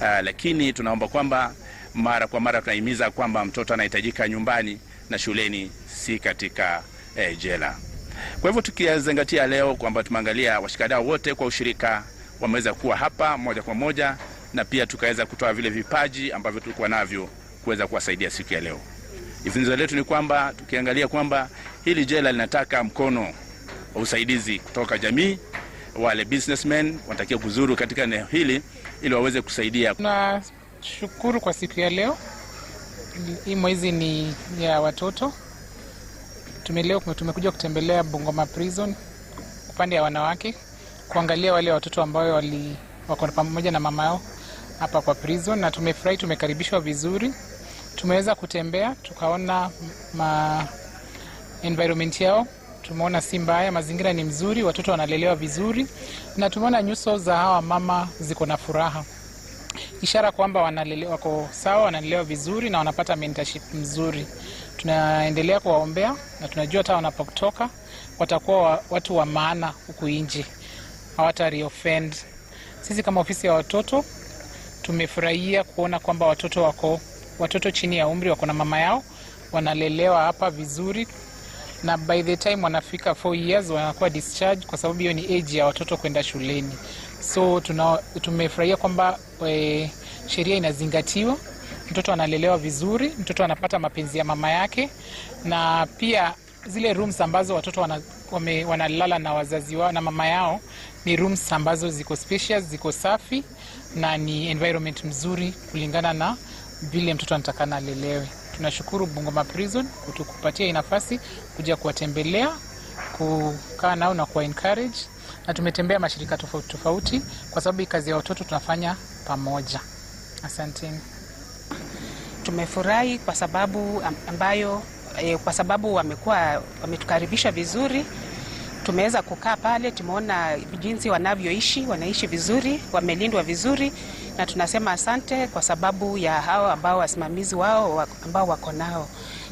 Uh, lakini tunaomba kwamba mara kwa mara tunahimiza kwamba mtoto anahitajika nyumbani na shuleni, si katika eh, jela. Kwa hivyo tukizingatia leo kwamba tumeangalia washikadau wote kwa ushirika wameweza kuwa hapa moja kwa moja, na pia tukaweza kutoa vile vipaji ambavyo tulikuwa navyo kuweza kuwasaidia siku ya leo. Ifunzo letu ni kwamba tukiangalia kwamba hili jela linataka mkono wa usaidizi kutoka jamii wale businessmen wanatakiwa kuzuru katika eneo hili ili waweze kusaidia. Tunashukuru kwa siku ya leo, hii mwezi ni ya watoto. Tumeleo tumekuja kutembelea Bungoma Prison upande ya wanawake, kuangalia wale watoto ambao wali wako pamoja na mama yao hapa kwa prison, na tumefurahi, tumekaribishwa vizuri. Tumeweza kutembea tukaona ma environment yao tumeona si mbaya, mazingira ni mzuri, watoto wanalelewa vizuri, na tumeona nyuso za hawa mama ziko na furaha, ishara kwamba wanalelewa, wako sawa, wanalelewa vizuri na wanapata mentorship mzuri. Tunaendelea kuwaombea na tunajua hata wanapotoka watakuwa watu wa maana huku nje, hawata reoffend. Sisi kama ofisi ya watoto tumefurahia kuona kwamba watoto wako watoto chini ya umri wako na mama yao wanalelewa hapa vizuri na by the time wanafika 4 years wanakuwa discharge, kwa sababu hiyo ni age ya watoto kwenda shuleni. So tumefurahia kwamba e, sheria inazingatiwa, mtoto analelewa vizuri, mtoto anapata mapenzi ya mama yake, na pia zile rooms ambazo watoto wana, wame, wanalala na wazazi wao na mama yao ni rooms ambazo ziko spacious, ziko safi na ni environment mzuri kulingana na vile mtoto anatakana alelewe tunashukuru Bungoma Prison kutukupatia hii nafasi kuja kuwatembelea, kukaa nao na kuwa encourage, na tumetembea mashirika tofauti tofauti, kwa sababu kazi ya watoto tunafanya pamoja. Asanteni. Tumefurahi kwa sababu ambayo, eh, kwa sababu wamekuwa wametukaribisha vizuri tumeweza kukaa pale, tumeona jinsi wanavyoishi, wanaishi vizuri, wamelindwa vizuri, na tunasema asante kwa sababu ya hao ambao wasimamizi wao ambao wako nao,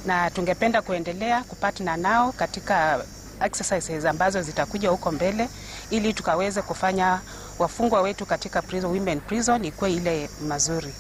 na tungependa kuendelea kupatna nao katika exercises ambazo zitakuja huko mbele ili tukaweze kufanya wafungwa wetu katika prison, women prison ikuwe ile mazuri.